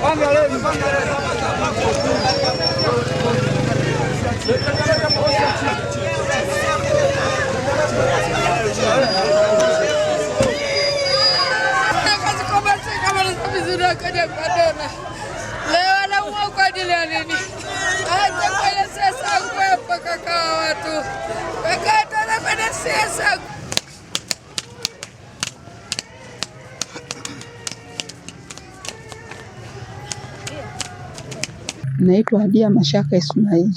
Panga leo, panga leo. Naitwa Hadia Mashaka Ismail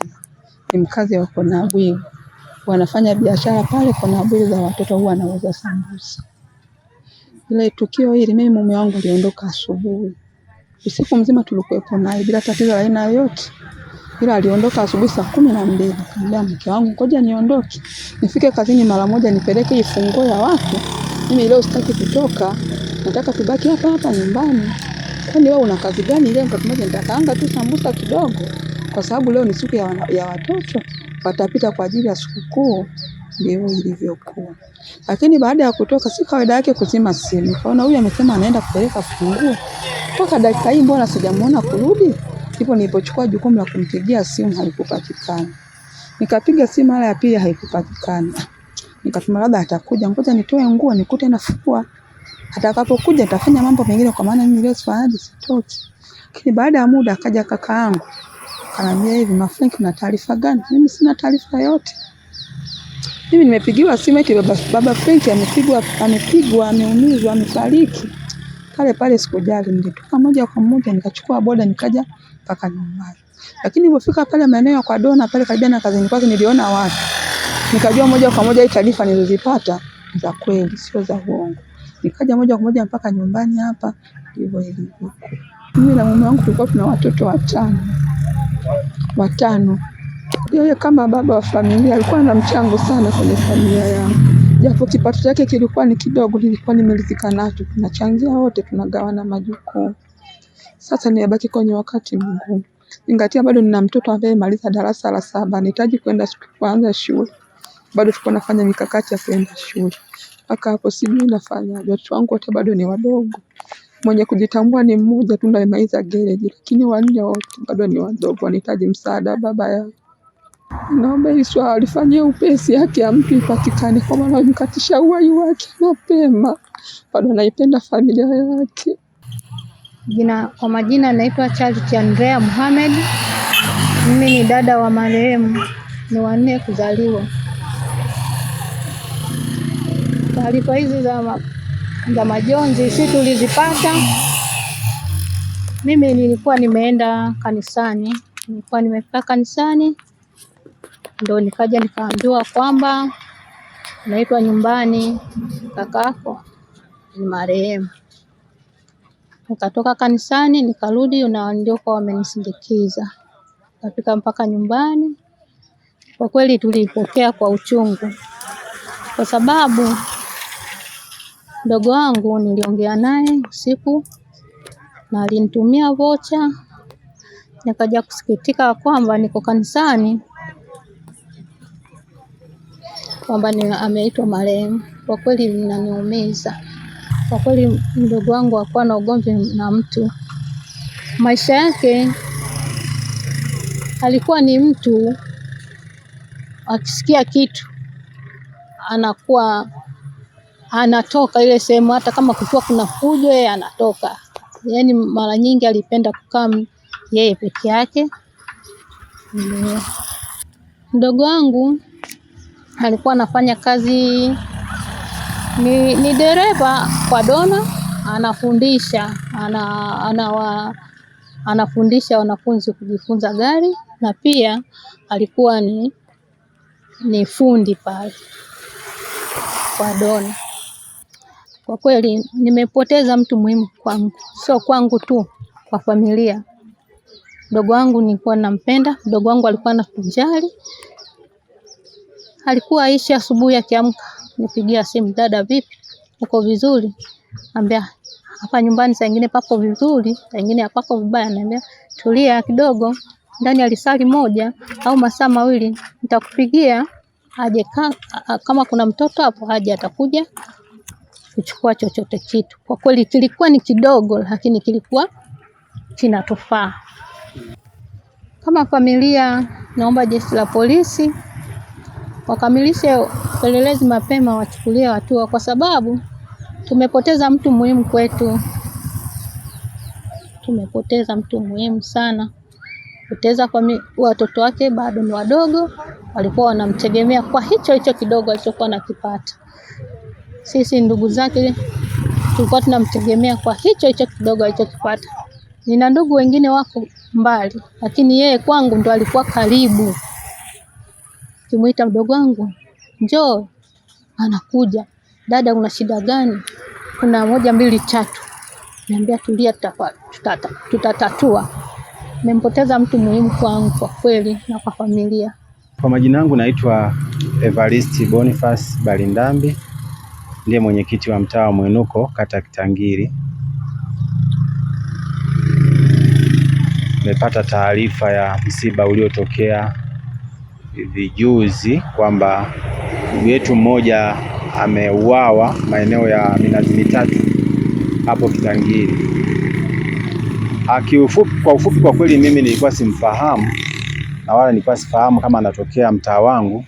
ni mkazi wa konabwili wanafanya biashara pale konabwili za watoto, huwa anauza sambusa. Ile tukio hili, mimi mume wangu aliondoka asubuhi, usiku mzima tulikuwepo naye bila tatizo la aina yoyote, ila aliondoka asubuhi saa kumi na mbili. Nikamwambia mke wangu, ngoja niondoke nifike kazini mara moja, nipeleke ifungo ya watu, mimi leo sitaki kutoka, nataka tubaki hapa hapa nyumbani. Kwani wewe una kazi gani leo? Mtazamaji, nitakaanga tu sambusa kidogo, kwa sababu leo ni siku ya, ya watoto watapita kwa ajili ya sikukuu. Ndivyo ilivyokuwa, lakini baada ya kutoka, si kawaida yake kuzima simu, kaona huyu amesema anaenda kupeleka funguo. Toka dakika hii mbona sijamuona kurudi? Ndipo nilipochukua jukumu la kumpigia simu, haikupatikana. Nikapiga simu mara ya pili, haikupatikana. Nikasema labda atakuja, ngoja nitoe nguo nikute nafua atakapokuja atafanya mambo mengine, kwa maana mimi leo sifanyaje, sitoki. Lakini baada ya muda akaja kaka yangu akaniambia hivi, Mafrank, una taarifa gani? Mimi sina taarifa yote, mimi nimepigiwa simu eti baba, baba Frank amepigwa, amepigwa, ameumizwa, amefariki. Pale pale sikujali, nilitoka moja kwa moja nikachukua boda nikaja mpaka nyumbani. Lakini nilipofika pale maeneo ya kwa Dona pale karibia na kazini kwake, niliona watu, nikajua moja kwa moja hii taarifa nilizozipata za kweli, sio za uongo. Nikaja moja kwa moja mpaka nyumbani hapa, ndivyo ilivyo. Mimi na mume wangu tulikuwa tuna watoto watano, watano. Yeye kama baba wa familia alikuwa na mchango sana kwenye familia yangu, japo kipato chake kilikuwa ni kidogo, nilikuwa nimeridhika nacho. Tunachangia wote, tunagawana majukumu. Sasa nimebaki kwenye wakati mgumu, ingatia bado nina mtoto ambaye maliza darasa la saba, nahitaji kwenda kuanza shule. Bado tuko nafanya mikakati ya kwenda shule. Mpaka hapo sijui nafanyaje, watoto wangu wote bado ni wadogo. Mwenye kujitambua ni mmoja tu ndiye amemaliza gereji, lakini wanne wote bado ni wadogo, wanahitaji msaada baba ya Naomba hili swala lifanyie upesi, haki ya mtu ipatikane, kwa maana wamemkatisha uhai wake mapema, bado anaipenda familia yake. Jina kwa majina naitwa Charity Andrea Mohamed. Mimi ni dada wa marehemu, ni wanne kuzaliwa taarifa hizi za, ma, za majonzi si tulizipata. Mimi nilikuwa nimeenda kanisani, nilikuwa nimefika kanisani ndo nikaja nikaambiwa kwamba unaitwa nyumbani, kakako ni marehemu. Nikatoka kanisani nikarudi, na ndio kwa wamenisindikiza kafika mpaka nyumbani. Kwa kweli tulipokea kwa uchungu, kwa sababu Mdogo wangu niliongea naye usiku na alinitumia vocha, nikaja kusikitika kwamba niko kanisani, kwamba ameitwa marehemu. Kwa kweli linaniumiza kwa kweli. Mdogo wangu hakuwa na ugomvi na mtu, maisha yake alikuwa ni mtu akisikia kitu anakuwa anatoka ile sehemu, hata kama kukiwa kuna fujo, yeye anatoka. Yaani mara nyingi alipenda kukaa yeye peke yake. Mdogo wangu alikuwa anafanya kazi ni, ni dereva kwa dona, anafundisha ana, anawa, anafundisha wanafunzi kujifunza gari na pia alikuwa ni, ni fundi pale kwa dona. Kwa kweli nimepoteza mtu muhimu kwangu, sio kwangu tu, kwa familia. Mdogo wangu nilikuwa nampenda, mdogo wangu alikuwa anatujali. Alikuwa aishi asubuhi akiamka, nipigia simu, dada, vipi, uko vizuri? Ambia hapa nyumbani saa nyingine papo vizuri, saa nyingine hapako vibaya. Naambia tulia kidogo, ndani ya lisali moja au masaa mawili nitakupigia aje, kama kuna mtoto hapo aje, atakuja kuchukua chochote kitu. Kwa kweli kilikuwa ni kidogo, lakini kilikuwa kinatufaa kama familia. Naomba jeshi la polisi wakamilishe upelelezi mapema, wachukulie hatua, kwa sababu tumepoteza mtu muhimu kwetu, tumepoteza mtu muhimu sana. Poteza watoto wake bado ni wadogo, walikuwa wanamtegemea kwa hicho hicho kidogo alichokuwa nakipata sisi ndugu zake tulikuwa tunamtegemea kwa hicho hicho kidogo alichokipata. Nina ndugu wengine wako mbali, lakini yeye kwangu ndo alikuwa karibu. Kimwita mdogo wangu, njoo, anakuja. Dada, kuna shida gani? Kuna moja mbili tatu. Niambia, tulia, tutatatua, tuta. Nimempoteza mtu muhimu kwangu kwa kweli na kwa familia. Kwa majina yangu naitwa Evaristi Boniface Balindambi ndiye mwenyekiti wa mtaa wa Mwinuko kata Kitangiri. Nimepata taarifa ya msiba uliotokea hivi juzi kwamba ndugu yetu mmoja ameuawa maeneo ya minazi mitatu hapo Kitangiri. Akiufupi, kwa ufupi, kwa kweli mimi nilikuwa simfahamu na wala nilikuwa sifahamu kama anatokea mtaa wangu,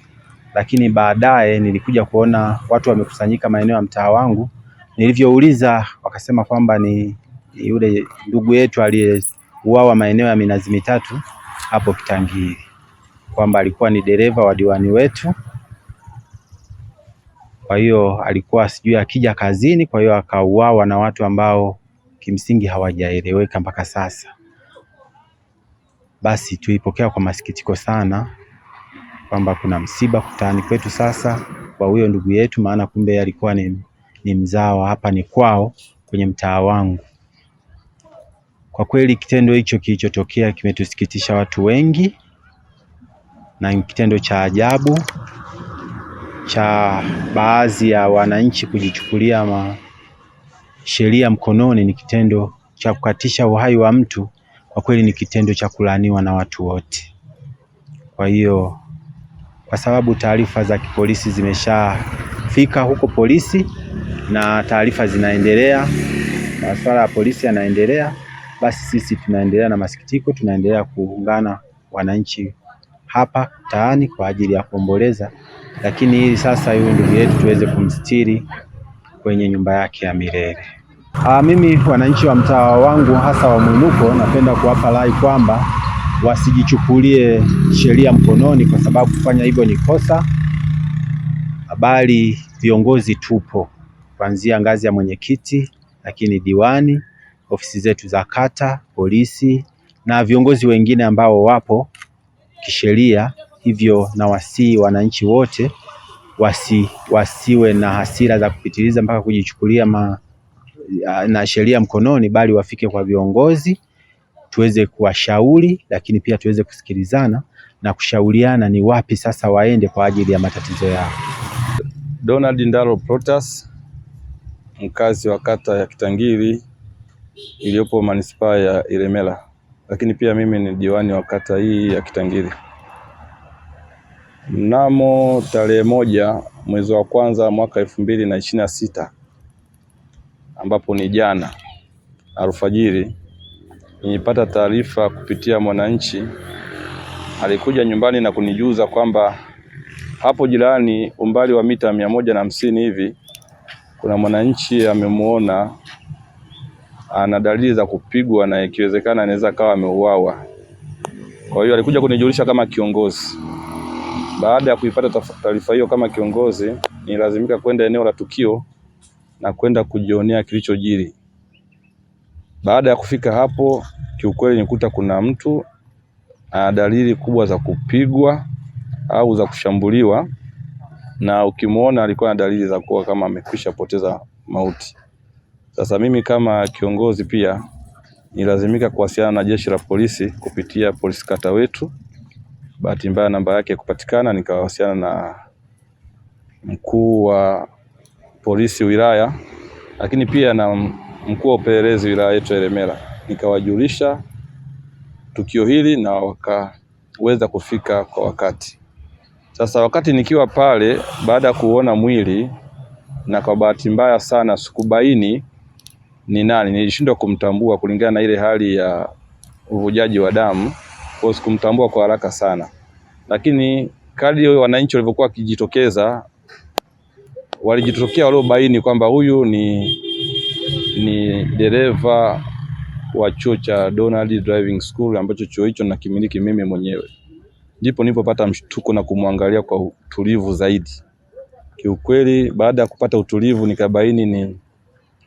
lakini baadaye nilikuja kuona watu wamekusanyika maeneo ya mtaa wangu. Nilivyouliza wakasema kwamba ni, yule ndugu yetu aliyeuawa maeneo ya minazi mitatu hapo Kitangiri, kwamba alikuwa ni dereva wa diwani wetu. Kwa hiyo alikuwa sijui akija kazini, kwa hiyo akauawa na watu ambao kimsingi hawajaeleweka mpaka sasa. Basi tuipokea kwa masikitiko sana kwamba kuna msiba kutani kwetu sasa kwa huyo ndugu yetu, maana kumbe alikuwa ni, ni mzao hapa ni kwao kwenye mtaa wangu. Kwa kweli kitendo hicho kilichotokea kimetusikitisha watu wengi, na kitendo cha ajabu cha baadhi ya wananchi kujichukulia ma sheria mkononi ni kitendo cha kukatisha uhai wa mtu. Kwa kweli ni kitendo cha kulaaniwa na watu wote. Kwa hiyo kwa sababu taarifa za kipolisi zimeshafika huko polisi na taarifa zinaendelea, masuala ya polisi yanaendelea. Basi sisi tunaendelea na masikitiko, tunaendelea kuungana wananchi hapa mtaani kwa ajili ya kuomboleza, lakini hili sasa, huyu ndugu yetu tuweze kumstiri kwenye nyumba yake ya milele. Ah, mimi wananchi wa mtaa wangu hasa wa Mwinuko, napenda kuwapa rai kwamba wasijichukulie sheria mkononi, kwa sababu kufanya hivyo ni kosa, bali viongozi tupo kuanzia ngazi ya mwenyekiti, lakini diwani, ofisi zetu za kata, polisi na viongozi wengine ambao wapo kisheria. Hivyo na wasii wananchi wote wasi, wasiwe na hasira za kupitiliza mpaka kujichukulia ma, na sheria mkononi, bali wafike kwa viongozi tuweze kuwashauri, lakini pia tuweze kusikilizana na kushauriana ni wapi sasa waende kwa ajili ya matatizo yao. Donald Ndaro Protas, mkazi wa kata ya Kitangiri iliyopo manispaa ya Ilemela, lakini pia mimi ni diwani wa kata hii ya Kitangiri. Mnamo tarehe moja mwezi wa kwanza mwaka elfu mbili na ishirini na sita ambapo ni jana alfajiri nilipata taarifa kupitia Mwananchi, alikuja nyumbani na kunijuza kwamba hapo jirani umbali wa mita mia moja na hamsini hivi kuna mwananchi amemuona ana dalili za kupigwa na ikiwezekana anaweza kawa ameuawa. Kwa hiyo alikuja kunijulisha kama kiongozi. Baada ya kuipata taarifa hiyo kama kiongozi, nilazimika kwenda eneo la tukio na kwenda kujionea kilichojiri. Baada ya kufika hapo, kiukweli nikuta kuna mtu ana ah, dalili kubwa za kupigwa au za kushambuliwa, na ukimwona alikuwa na dalili za kuwa kama amekwisha poteza mauti. Sasa mimi kama kiongozi pia nilazimika kuwasiliana na jeshi la polisi kupitia polisi kata wetu. Bahati mbaya namba yake kupatikana, nikawasiliana na mkuu wa polisi wilaya lakini pia na mkuu wa upelelezi wilaya yetu ya Ilemela, nikawajulisha tukio hili na wakaweza kufika kwa wakati. Sasa wakati nikiwa pale, baada ya kuona mwili, na kwa bahati mbaya sana sikubaini ni nani, nilishindwa kumtambua kulingana na ile hali ya uvujaji wa damu, kwa sikumtambua kwa haraka sana, lakini kadri wananchi walivyokuwa wakijitokeza walijitokea waliobaini kwamba huyu ni, ni dereva wa chuo cha Donald Driving School ambacho chuo hicho nakimiliki mimi mwenyewe. Ndipo nilipopata mshtuko na kumwangalia kwa utulivu zaidi. Kiukweli, baada ya kupata utulivu nikabaini ni,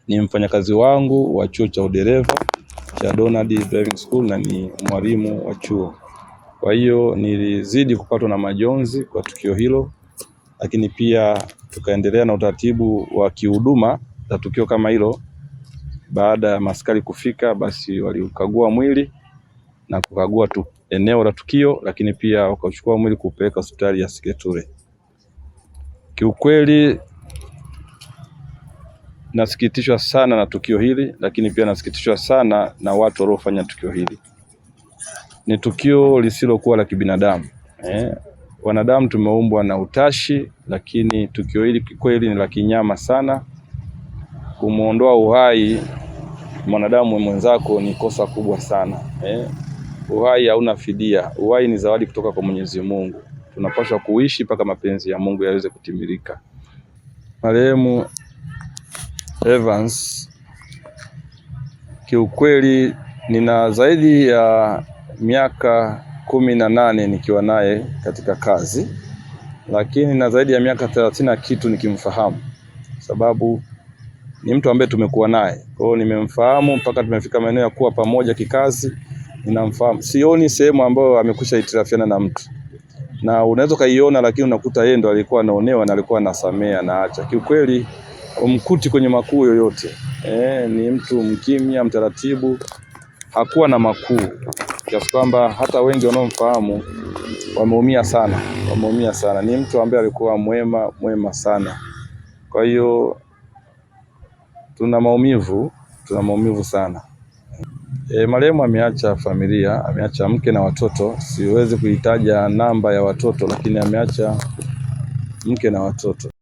ni mfanyakazi wangu wa chuo cha udereva cha Donald Driving School na ni mwalimu wa chuo. Kwa hiyo nilizidi kupatwa na majonzi kwa tukio hilo, lakini pia tukaendelea na utaratibu wa kihuduma za tukio kama hilo. Baada ya maskari kufika, basi waliukagua mwili na kukagua tu eneo la tukio, lakini pia wakachukua mwili kupeleka hospitali ya Siketure. Kiukweli nasikitishwa sana na tukio hili, lakini pia nasikitishwa sana na watu waliofanya tukio hili. Ni tukio lisilokuwa la kibinadamu eh wanadamu tumeumbwa na utashi, lakini tukio hili kikweli ni la kinyama sana. Kumwondoa uhai mwanadamu mwenzako ni kosa kubwa sana eh. Uhai hauna fidia. Uhai ni zawadi kutoka kwa Mwenyezi Mungu. Tunapaswa kuishi mpaka mapenzi ya Mungu yaweze kutimilika. Marehemu Evans kiukweli, nina zaidi ya miaka kumi na nane nikiwa naye katika kazi, lakini na zaidi ya miaka thelathini na kitu nikimfahamu, sababu ni mtu ambaye tumekuwa naye. kwao, nimemfahamu mpaka tumefika maeneo ya kuwa pamoja kikazi, ninamfahamu. Sioni sehemu ambayo amekusha itirafiana na mtu, na unaweza kaiona, lakini unakuta yeye ndo alikuwa anaonewa na alikuwa anasamea na acha. Kiukweli umkuti kwenye makuu yoyote. E, ni mtu mkimya, mtaratibu, hakuwa na makuu kiasi kwamba hata wengi wanaomfahamu wameumia sana, wameumia sana. Ni mtu ambaye alikuwa mwema, mwema sana. Kwa hiyo tuna maumivu, tuna maumivu sana. E, marehemu ameacha familia, ameacha mke na watoto. Siwezi kuitaja namba ya watoto, lakini ameacha mke na watoto.